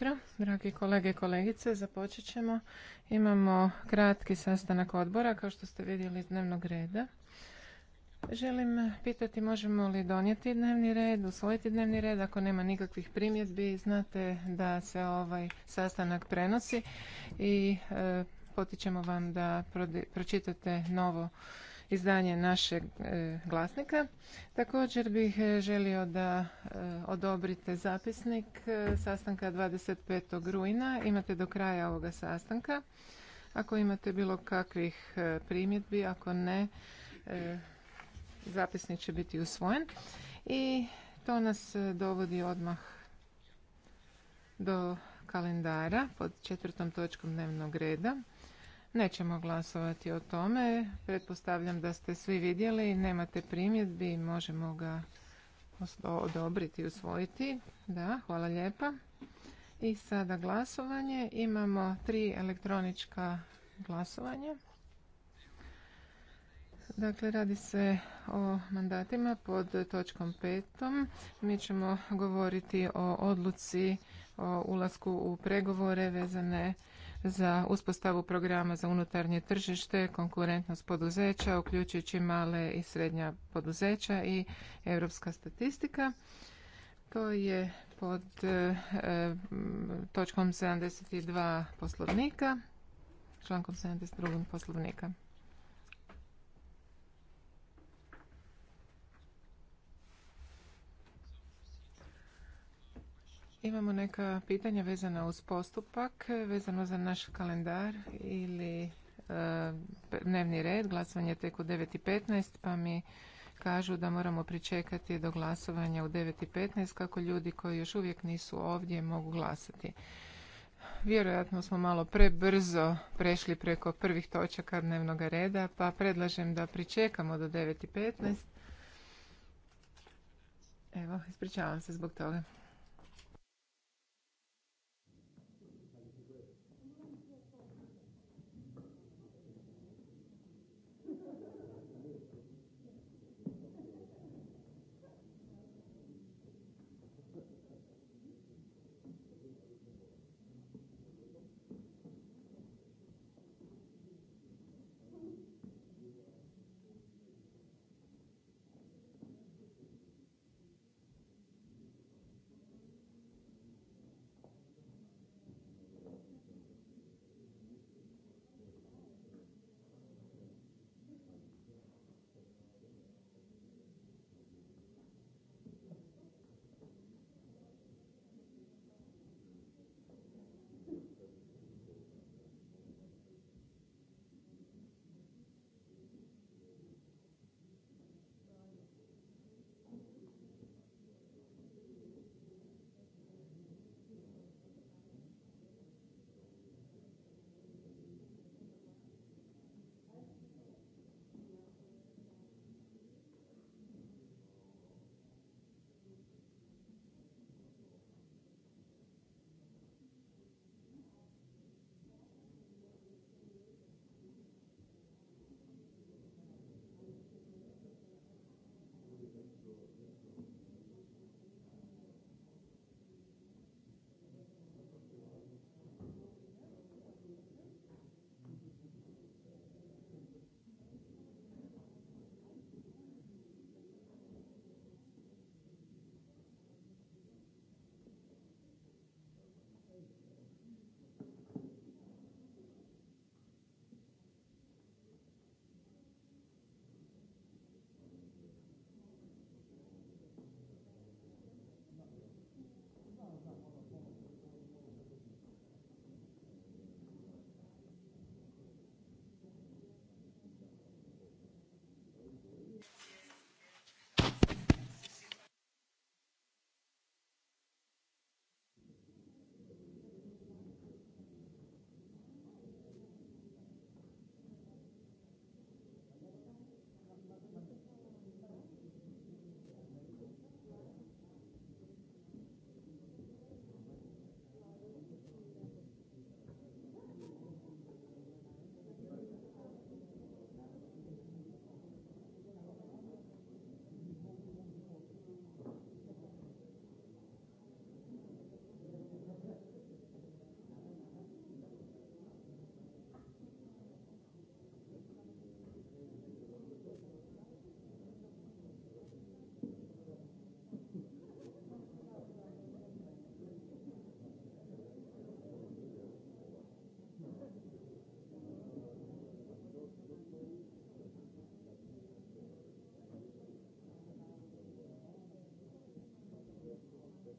Dobro, dragi kolege i kolegice, započet ćemo. Imamo kratki sastanak odbora, kao što ste vidjeli iz dnevnog reda. Želim pitati možemo li donijeti dnevni red, usvojiti dnevni red ako nema nikakvih primjedbi. Znate da se ovaj sastanak prenosi i e, potičemo vam da pročitate novo izdanje našeg e, glasnika. Također bih e, želio da e, odobrite zapisnik sastanka 25. rujna. Imate do kraja ovoga sastanka. Ako imate bilo kakvih primjedbi, ako ne, zapisnik će biti usvojen. I to nas dovodi odmah do kalendara pod četvrtom točkom dnevnog reda. Nećemo glasovati o tome. Pretpostavljam da ste svi vidjeli, nemate primjedbi, možemo ga odobriti i usvojiti. Da, hvala lijepa. I sada glasovanje. Imamo tri elektronička glasovanja. Dakle, radi se o mandatima pod točkom petom. Mi ćemo govoriti o odluci o ulasku u pregovore vezane za uspostavu programa za unutarnje tržište, konkurentnost poduzeća, uključujući male i srednja poduzeća i europska statistika. To je pod e, točkom 72 poslovnika, člankom 72 poslovnika. Imamo neka pitanja vezana uz postupak, vezano za naš kalendar ili e, dnevni red. Glasovanje je tek u 9.15 pa mi kažu da moramo pričekati do glasovanja u 9.15 kako ljudi koji još uvijek nisu ovdje mogu glasati. Vjerojatno smo malo prebrzo prešli preko prvih točaka dnevnog reda pa predlažem da pričekamo do 9.15. Evo, ispričavam se zbog toga.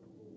mm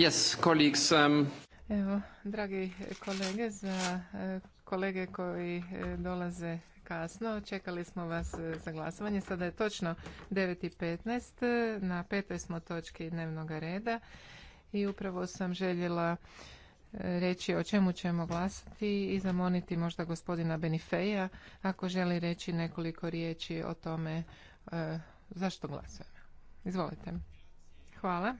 Yes, um, Evo, dragi kolege, za e, kolege koji e, dolaze kasno, čekali smo vas e, za glasovanje. Sada je točno 9.15, na petoj smo točki dnevnog reda i upravo sam željela reći o čemu ćemo glasati i zamoniti možda gospodina Benifeja ako želi reći nekoliko riječi o tome zašto glasujemo. Izvolite. Hvala.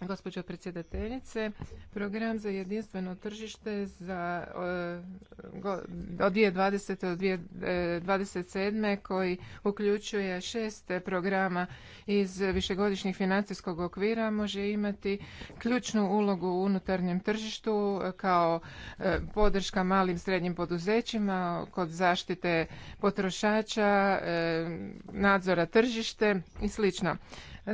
Gospođo predsjedateljice, program za jedinstveno tržište za e, od 2020. do 2027. E, koji uključuje šest programa iz višegodišnjih financijskog okvira može imati ključnu ulogu u unutarnjem tržištu kao e, podrška malim srednjim poduzećima kod zaštite potrošača, nadzora tržište i slično.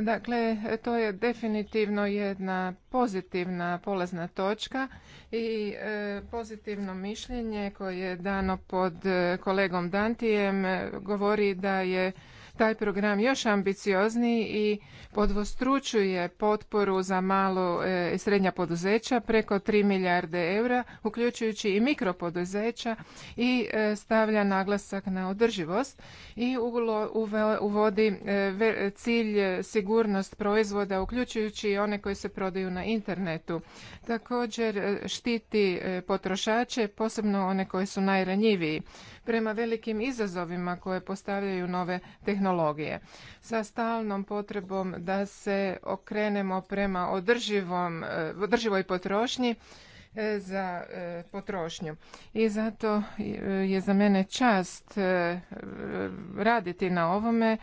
Dakle, to je definitivno jedna pozitivna polazna točka i e, pozitivno mišljenje koje je dano pod e, kolegom Dantijem e, govori da je taj program još ambiciozniji i podvostručuje potporu za malo i e, srednja poduzeća preko 3 milijarde eura, uključujući i mikropoduzeća i e, stavlja naglasak na održivost i uvodi e, cilj sigurnost proizvoda, uključujući i one koji se prodaju na internetu. Također štiti potrošače, posebno one koji su najranjiviji. Prema velikim izazovima koje postavljaju nove tehnologije, tehnologije sa stalnom potrebom da se okrenemo prema održivom, održivoj potrošnji E, za e, potrošnju. I zato e, je za mene čast raditi na ovome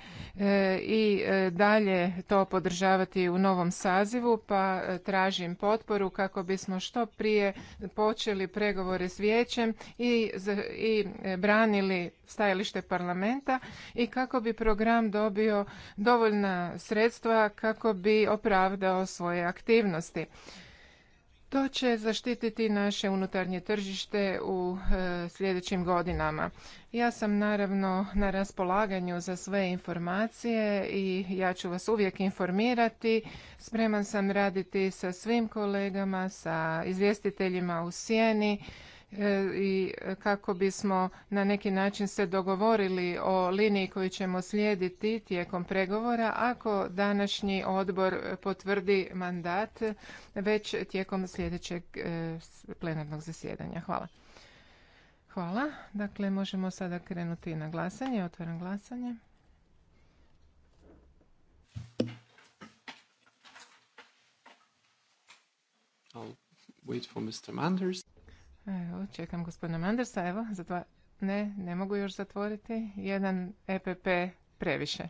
i dalje to podržavati u novom sazivu, pa tražim potporu kako bismo što prije počeli pregovore s vijećem i, i branili stajalište parlamenta i kako bi program dobio dovoljna sredstva kako bi opravdao svoje aktivnosti. To će zaštititi naše unutarnje tržište u e, sljedećim godinama. Ja sam naravno na raspolaganju za sve informacije i ja ću vas uvijek informirati. Spreman sam raditi sa svim kolegama, sa izvjestiteljima u sjeni E, i kako bismo na neki način se dogovorili o liniji koju ćemo slijediti tijekom pregovora ako današnji odbor potvrdi mandat već tijekom sljedećeg e, plenarnog zasjedanja. Hvala. Hvala. Dakle, možemo sada krenuti na glasanje. Otvaram glasanje. Evo, čekam gospodina Mandersa, evo, zatva... ne, ne mogu još zatvoriti, jedan EPP previše.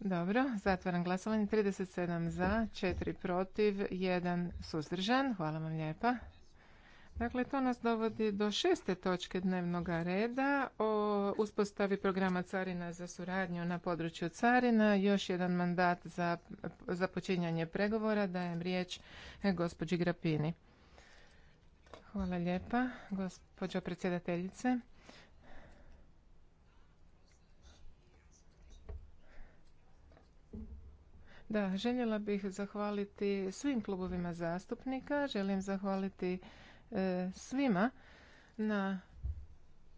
Dobro, zatvaram glasovanje. 37 za, 4 protiv, 1 suzdržan. Hvala vam lijepa. Dakle, to nas dovodi do šeste točke dnevnog reda o uspostavi programa Carina za suradnju na području Carina. Još jedan mandat za započinjanje pregovora. Dajem riječ e, gospođi Grapini. Hvala lijepa, gospođo predsjedateljice. Da, željela bih zahvaliti svim klubovima zastupnika. Želim zahvaliti E, svima na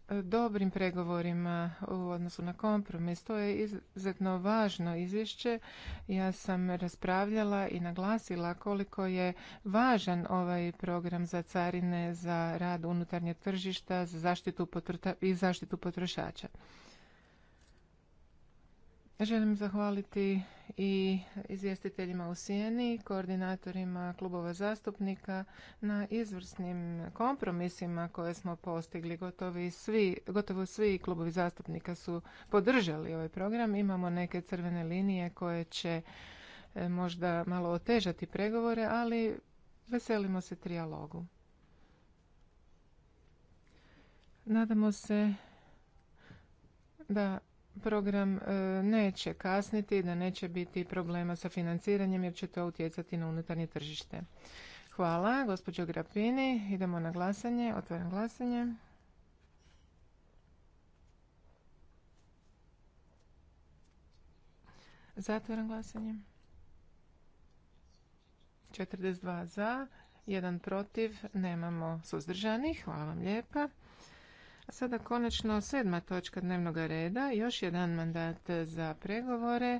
e, dobrim pregovorima u odnosu na kompromis. To je izuzetno važno izvješće. Ja sam raspravljala i naglasila koliko je važan ovaj program za carine, za rad unutarnjeg tržišta za zaštitu i zaštitu potrošača. Želim zahvaliti i izvjestiteljima u Sijeni, koordinatorima klubova zastupnika na izvrsnim kompromisima koje smo postigli. Gotovi svi, gotovo svi klubovi zastupnika su podržali ovaj program. Imamo neke crvene linije koje će e, možda malo otežati pregovore, ali veselimo se trijalogu. Nadamo se da program e, neće kasniti, da neće biti problema sa financiranjem jer će to utjecati na unutarnje tržište. Hvala, gospođo Grapini. Idemo na glasanje. Otvaram glasanje. Zatvaram glasanje. 42 za, 1 protiv, nemamo suzdržanih. Hvala vam lijepa. A sada konačno sedma točka dnevnog reda, još jedan mandat za pregovore.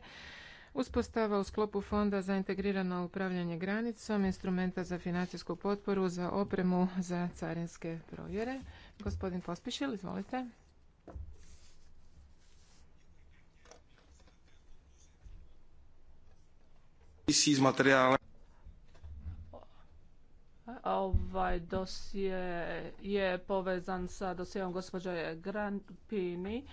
Uspostava u sklopu Fonda za integrirano upravljanje granicom, instrumenta za financijsku potporu za opremu za carinske provjere. Gospodin Pospišil, izvolite. ...iz materijala... Ovaj dosje je povezan sa dosjeom gospođe Grandpini.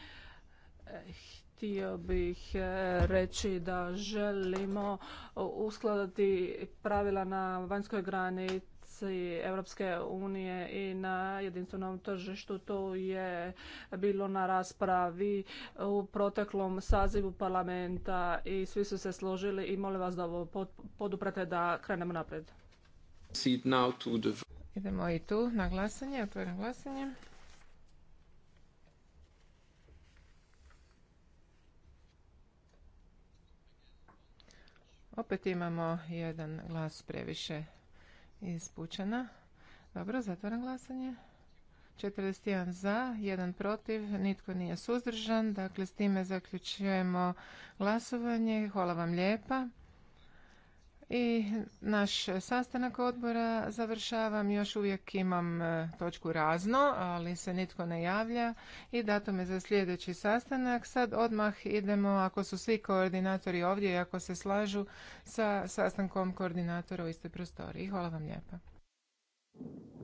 E, htio bih e, reći da želimo uskladiti pravila na vanjskoj granici Europske unije i na jedinstvenom tržištu. To je bilo na raspravi u proteklom sazivu parlamenta i svi su se složili i molim vas da ovo poduprate da krenemo naprijed. Idemo i tu na glasanje, otvorim glasanje. Opet imamo jedan glas previše iz Dobro, zatvoram glasanje. 41 za, jedan protiv, nitko nije suzdržan. Dakle, s time zaključujemo glasovanje. Hvala vam lijepa. I naš sastanak odbora završavam. Još uvijek imam e, točku razno, ali se nitko ne javlja. I dato je za sljedeći sastanak. Sad odmah idemo, ako su svi koordinatori ovdje i ako se slažu sa sastankom koordinatora u istoj prostoriji. Hvala vam lijepa.